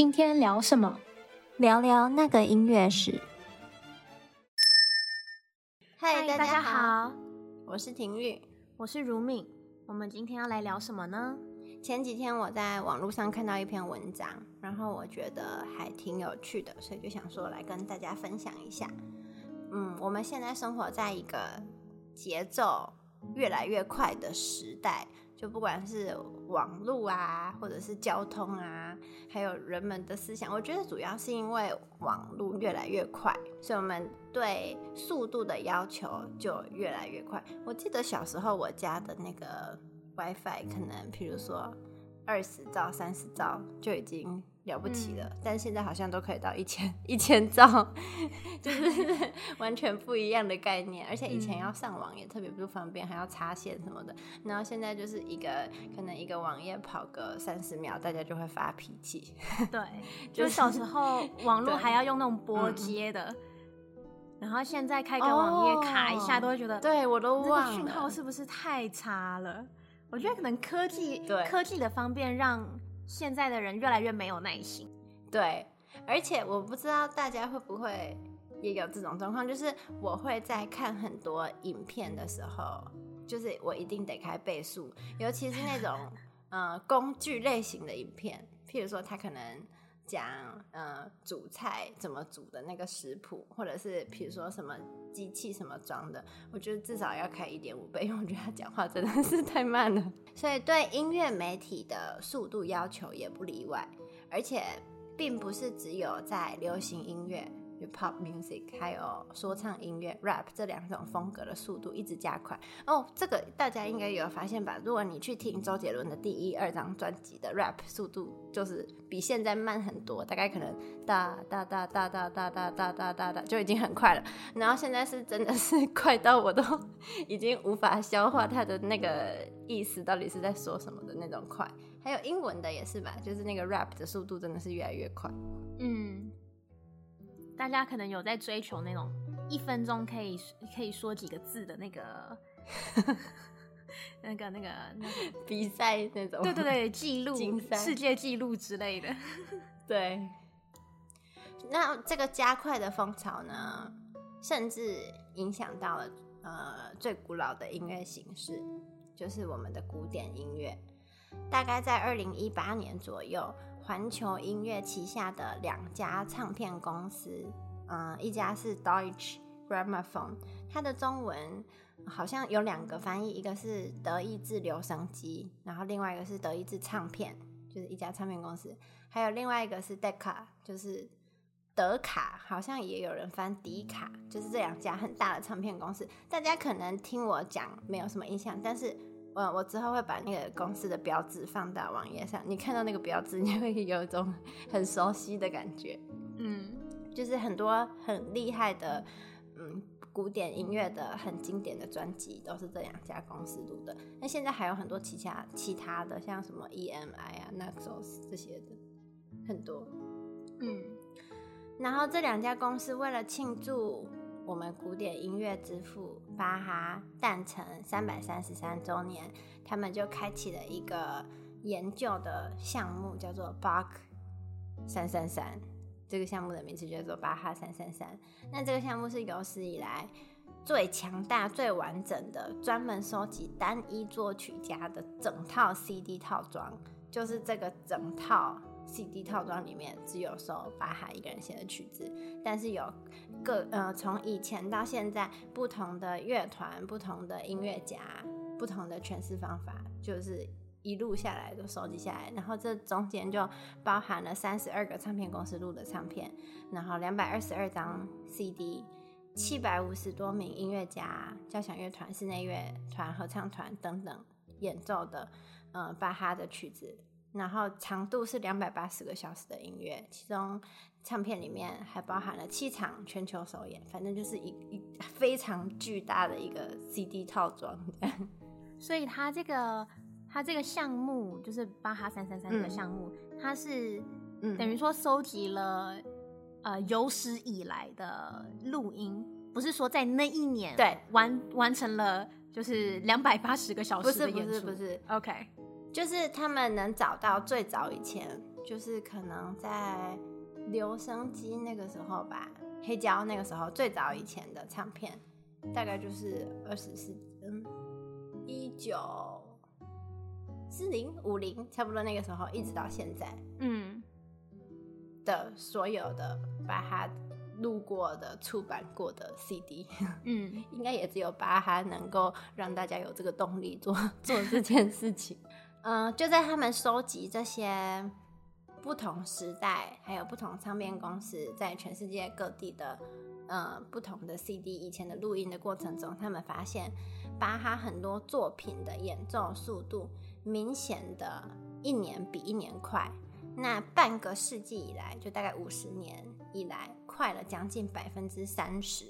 今天聊什麼？聊聊那個音樂史。嗨，大家好，我是婷玉，我是如敏。我們今天要來聊什麼呢？前幾天我在網絡上看到一篇文章，然後我覺得還挺有趣的，所以就想說來跟大家分享一下。嗯，我們現在生活在一個節奏越來越快的時代。就不管是網路啊，或者是交通啊，還有人們的思想，我覺得主要是因為網路越來越快，所以我們對速度的要求就越來越快。我記得小時候我家的那個 WiFi，可能譬如說二十兆、三十兆就已經。了不起了、嗯，但現在好像都可以到一千一千兆，就是 完全不一樣的概念。而且以前要上網也特別不方便、嗯，還要插線什麼的。然後現在就是一個可能一個網頁跑個三十秒，大家就會發脾氣。對 就是，就小時候網絡還要用那種撥接的、嗯，然後現在開個網頁卡一下都會覺得，哦、對我都忘了、這個、訊號是不是太差了？我覺得可能科技對，對科技的方便讓。現在的人越來越沒有耐心，對，而且我不知道大家會不會也有這種狀況，就是我會在看很多影片的時候，就是我一定得開倍速，尤其是那種， 呃，工具類型的影片，譬如說他可能。講，呃，煮菜怎麼煮的那個食譜，或者是比如說什麼機器什麼裝的，我覺得至少要開一點五倍，因為我覺得他講話真的是太慢了。所以對音樂媒體的速度要求也不例外，而且並不是只有在流行音樂。Pop music，還有說唱音樂 （rap） 這兩種風格的速度一直加快哦。Oh, 這個大家應該有發現吧？嗯。如果你去聽周杰倫的第一、二張專輯的 rap，速度就是比現在慢很多，大概可能噠噠噠噠噠噠噠噠噠噠噠就已經很快了。然後現在是真的是快到我都已經無法消化他的那個意思，到底是在說什麼的那種快。還有英文的也是吧，就是那個 rap 的速度真的是越來越快。嗯。大家可能有在追求那種一分鐘可以可以說幾個字的那個， 那個、那個、那個比賽那種，對對對，記錄世界紀錄之類的。對。那這個加快的風潮呢，甚至影響到了呃最古老的音樂形式，就是我們的古典音樂。大概在二零一八年左右。環球音樂旗下的兩家唱片公司，嗯，一家是 Deutsche Grammophon，它的中文好像有兩個翻譯，一個是德意志留聲機，然後另外一個是德意志唱片，就是一家唱片公司。還有另外一個是 Decca，就是德卡，好像也有人翻迪卡，就是這兩家很大的唱片公司，大家可能聽我講沒有什麼印象，但是。嗯，我之後會把那個公司的標誌放到網頁上，你看到那個標誌，你會有一種很熟悉的感覺。嗯，就是很多很厲害的，嗯，古典音樂的很經典的專輯都是這兩家公司錄的。那現在還有很多其他其他的，像什麼 EMI 啊、Naxos 這些的很多。嗯，然後這兩家公司為了慶祝。我們古典音樂之父巴哈誕辰三百三十三週年，他們就開啟了一個研究的項目，叫做 Bach 三三三。這個項目的名字叫做巴哈三三三。那這個項目是有史以來最強大、最完整的，專門收集單一作曲家的整套 CD 套裝，就是這個整套。CD 套裝裡面只有收巴哈一個人寫的曲子，但是有各呃從以前到現在不同的樂團、不同的音樂家、不同的詮釋方法，就是一路下來都收集下來，然後這中間就包含了三十二個唱片公司錄的唱片，然後兩百二十二張 CD，七百五十多名音樂家、交響樂團、室內樂團、合唱團等等演奏的，嗯、呃、巴哈的曲子。然後長度是兩百八十個小時的音樂，其中唱片裡面還包含了七場全球首演，反正就是一一非常巨大的一個 CD 套裝。對。所以他這個他這個項目就是巴哈三三三的項目，它、嗯、是等於說收集了、嗯呃、有史以來的錄音，不是說在那一年完對完完成了就是兩百八十個小時的演出，不是不是不是，OK。就是他們能找到最早以前，就是可能在留聲機那個時候吧，黑膠那個時候最早以前的唱片，大概就是二十四，嗯，一九四零五零，差不多那個時候一直到現在，嗯，的所有的巴哈錄過的出版過的 CD，嗯， 應該也只有巴哈能夠讓大家有這個動力做做這件事情。 嗯、呃，就在他們收集這些不同時代，還有不同唱片公司在全世界各地的，呃、不同的 CD 以前的錄音的過程中，他們發現巴哈很多作品的演奏速度明顯的，一年比一年快。那半個世紀以來，就大概五十年以來，快了將近百分之三十。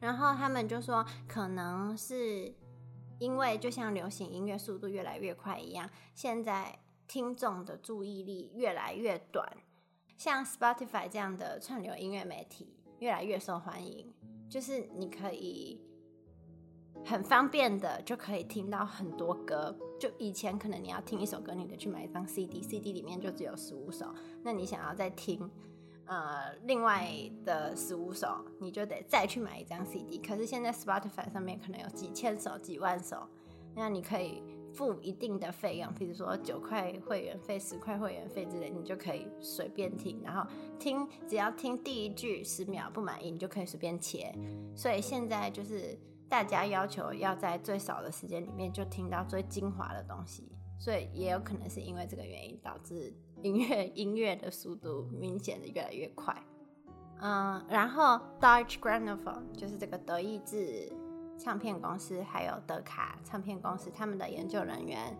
然後他們就說，可能是。因為就像流行音樂速度越來越快一樣，現在聽眾的注意力越來越短，像 Spotify 這樣的串流音樂媒體越來越受歡迎。就是你可以很方便的就可以聽到很多歌，就以前可能你要聽一首歌，你得去買一張 CD，CD 裡面就只有十五首，那你想要再聽。呃，另外的十五首你就得再去買一張 CD，可是現在 Spotify 上面可能有幾千首、幾萬首，那你可以付一定的費用，比如說九塊會員費、十塊會員費之類，你就可以隨便聽，然後聽，只要聽第一句十秒不滿意，你就可以隨便切。所以現在就是大家要求要在最少的時間裡面就聽到最精華的東西，所以也有可能是因為這個原因導致。音樂音樂的速度明顯的越來越快，嗯，然後 Deutsche Grammophon 就是這個德意志唱片公司，還有德卡唱片公司，他們的研究人員，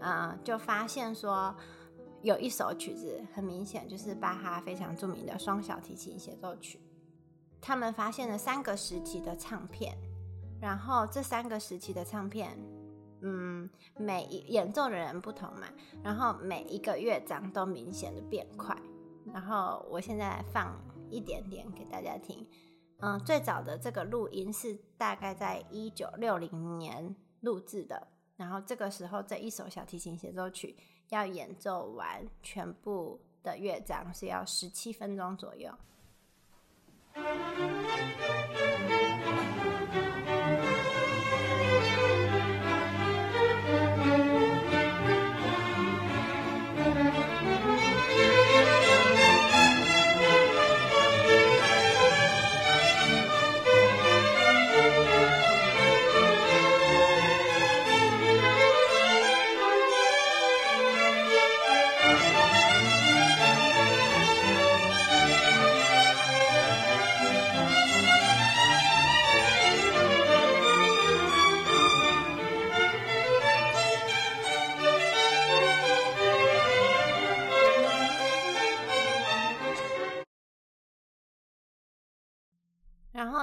嗯，就發現說有一首曲子，很明顯就是巴哈非常著名的雙小提琴協奏曲，他們發現了三個時期的唱片，然後這三個時期的唱片。嗯，每一演奏的人不同嘛，然後每一個樂章都明顯的變快。然後我現在放一點點給大家聽。嗯，最早的這個錄音是大概在一九六零年錄制的，然後這個時候這一首小提琴協奏曲要演奏完全部的樂章是要十七分鐘左右。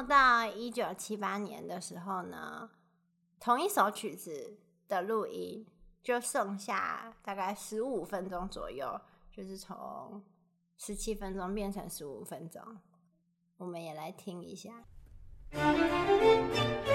到一九七八年的時候呢，同一首曲子的錄音就剩下大概十五分鐘左右，就是從十七分鐘變成十五分鐘。我們也來聽一下。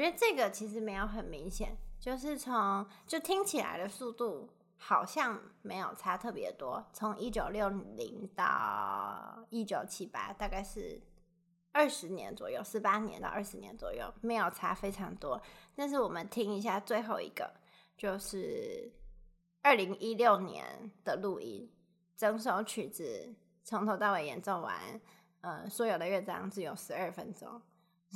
我覺得這個其實沒有很明顯，就是從就聽起來的速度好像沒有差特別多。從一九六零到一九七八，大概是二十年左右，十八年到二十年左右沒有差非常多。但是我們聽一下最後一個，就是二零一六年的錄音，整首曲子從頭到尾演奏完，嗯、呃，所有的樂章只有十二分鐘。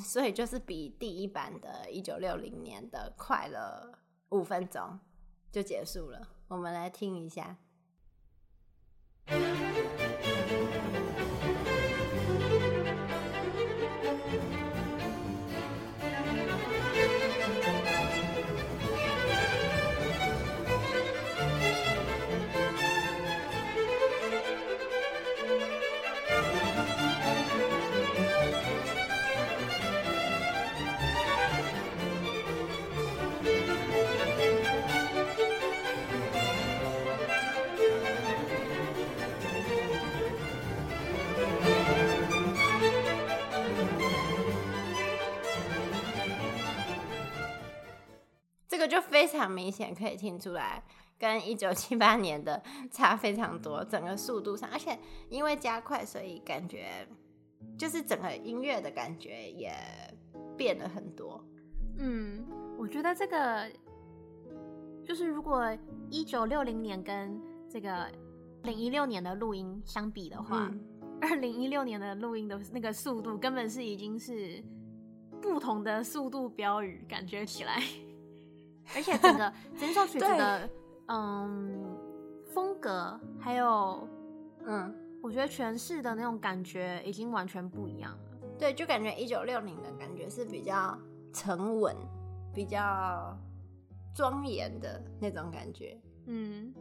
所以就是比第一版的1960年的快，了五分鐘就結束了，我們來聽一下。就非常明顯，可以聽出來跟一九七八年的差非常多，整個速度上，而且因為加快，所以感覺就是整個音樂的感覺也變了很多。嗯，我覺得這個就是如果一九六零年跟這個二零一六年的錄音相比的話，二零一六年的錄音的那個速度根本是已經是不同的速度標語，感覺起來。而且整個整 首曲子的嗯風格，還有嗯，我覺得詮釋的那種感覺已經完全不一樣了。對，就感覺一九六零的感覺是比較沉穩、比較莊嚴的那種感覺。嗯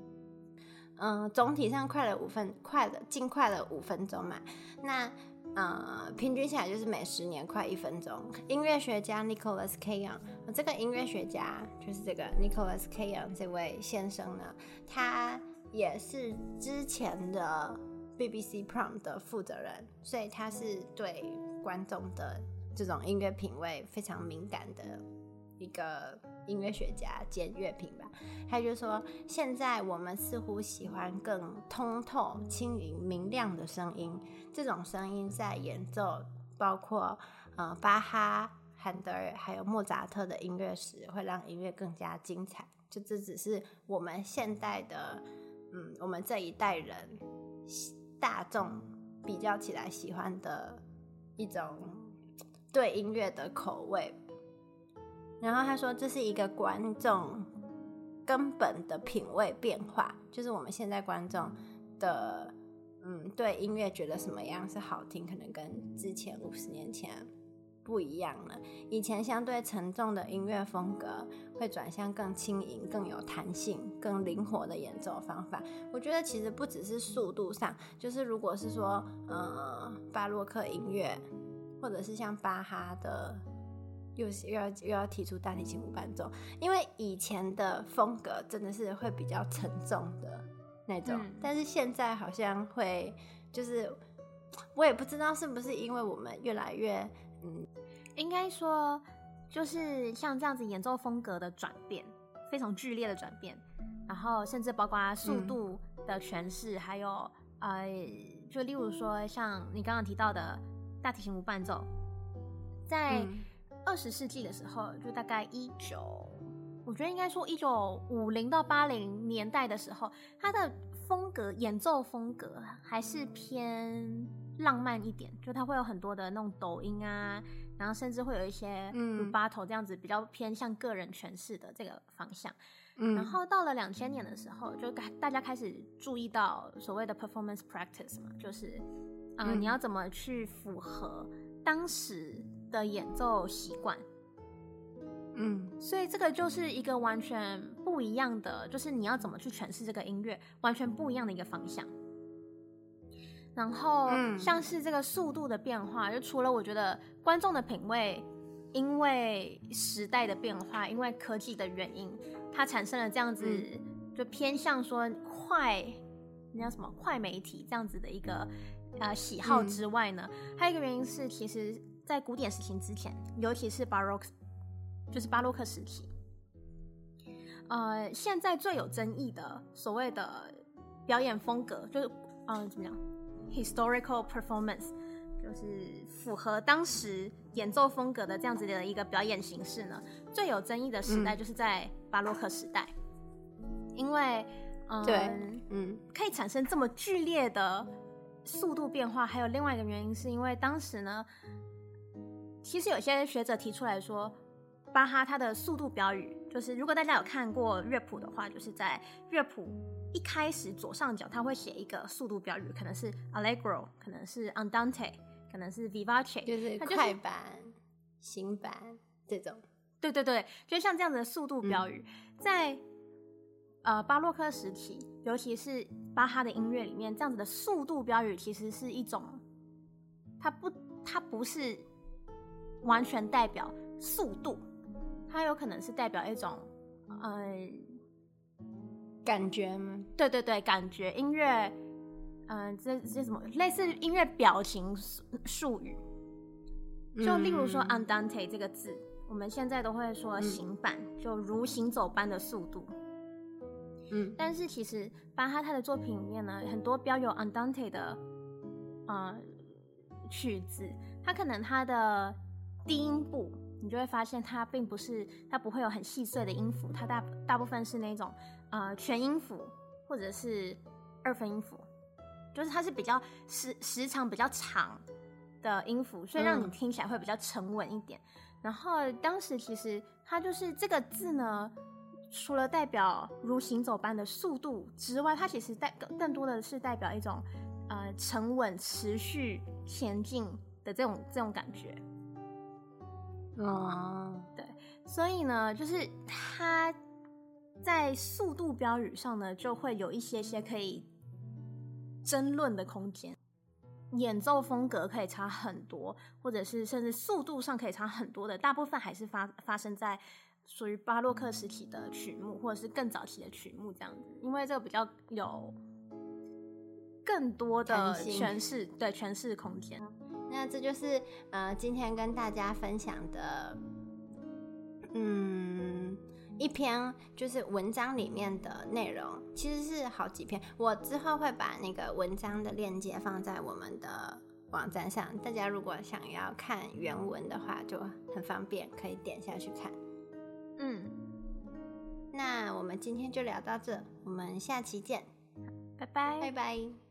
嗯，總體上快了五分，快了近快了五分鐘嘛。那。呃，平均下來就是每十年快一分鐘。音樂學家 Nicholas Kenyon，這個音樂學家就是這個 Nicholas Kenyon 這位先生呢，他也是之前的 BBC Prom 的負責人，所以他是對觀眾的這種音樂品味非常敏感的。一個音樂學家兼樂評吧，他就說：現在我們似乎喜歡更通透、輕盈、明亮的聲音。這種聲音在演奏包括呃巴哈、韓德爾還有莫扎特的音樂時，會讓音樂更加精彩。就這只是我們現代的，嗯，我們這一代人大眾比較起來喜歡的一種對音樂的口味。然後他說，這是一個觀眾根本的品味變化，就是我們現在觀眾的嗯，對音樂覺得什麼樣是好聽，可能跟之前五十年前不一樣了。以前相對沉重的音樂風格，會轉向更輕盈、更有彈性、更靈活的演奏方法。我覺得其實不只是速度上，就是如果是說，呃，巴洛克音樂，或者是像巴哈的。又是又要又要提出大提琴無伴奏，因為以前的風格真的是會比較沉重的那種、嗯，但是現在好像會就是，我也不知道是不是因為我們越來越嗯，應該說就是像這樣子演奏風格的轉變，非常劇烈的轉變，然後甚至包括速度的詮釋、嗯，還有呃，就例如說像你剛剛提到的大提琴無伴奏，在、嗯。二十世紀的時候，就大概一九，我覺得應該說一九五零到八零年代的時候，他的風格演奏風格還是偏浪漫一點，就他會有很多的那種抖音啊，然後甚至會有一些 Rubato 這樣子比較偏向個人詮釋的這個方向。嗯、然後到了兩千年的時候，就大家開始注意到所謂的 performance practice 嘛，就是啊、嗯嗯，你要怎麼去符合當時。的演奏習慣，嗯，所以這個就是一個完全不一樣的，就是你要怎麼去詮釋這個音樂，完全不一樣的一個方向。然後，嗯，像是這個速度的變化，就除了我覺得觀眾的品味，因為時代的變化，因為科技的原因，它產生了這樣子，就偏向說快，你叫什麼快媒體這樣子的一個呃喜好之外呢，嗯，還有一個原因是其實。在古典時期之前，尤其是巴洛克，就是巴洛克時期。呃，現在最有爭議的所謂的表演風格，就是嗯、呃，怎麼樣？Historical performance，就是符合當時演奏風格的這樣子的一個表演形式呢。最有爭議的時代就是在巴洛克時代，嗯、因為嗯、呃，嗯，可以產生這麼劇烈的速度變化。還有另外一個原因，是因為當時呢。其實有些學者提出來說，巴哈他的速度標語，就是如果大家有看過樂譜的話，就是在樂譜一開始左上角他會寫一個速度標語，可能是 Allegro，可能是 Andante，可能是 Vivace，就是快板、就是、行板這種。對對對，就像這樣子的速度標語，嗯、在呃巴洛克時期，尤其是巴哈的音樂裡面、嗯，這樣子的速度標語其實是一種，它不，它不是。完全代表速度，它有可能是代表一種，嗯、呃，感覺。對對對，感覺音樂，嗯、呃，這這什麼類似音樂表情術語。就例如說 “andante” 這個字，嗯、我們現在都會說行板、嗯，就如行走般的速度。嗯，但是其實巴哈他，他的作品裡面呢，很多標有 “andante” 的，嗯、呃，曲子，他可能他的。低音部，你就會發現它並不是，它不會有很細碎的音符，它大大部分是那種，呃，全音符或者是二分音符，就是它是比較時時長比較長的音符，所以讓你聽起來會比較沉穩一點。嗯。然後當時其實它就是這個字呢，除了代表如行走般的速度之外，它其實代更更多的是代表一種，呃，沉穩持續前進的這種這種感覺。啊、嗯，對，所以呢，就是它在速度標語上呢，就會有一些些可以爭論的空間，演奏風格可以差很多，或者是甚至速度上可以差很多的。大部分還是發發生在屬於巴洛克時期的曲目，或者是更早期的曲目這樣子，因為這個比較有更多的詮釋，對，詮釋空間。那這就是呃，今天跟大家分享的，嗯，一篇就是文章裡面的內容，其實是好幾篇。我之後會把那個文章的鏈接放在我們的網站上，大家如果想要看原文的話，就很方便，可以點下去看。嗯，那我們今天就聊到這，我們下期見，拜拜，拜拜。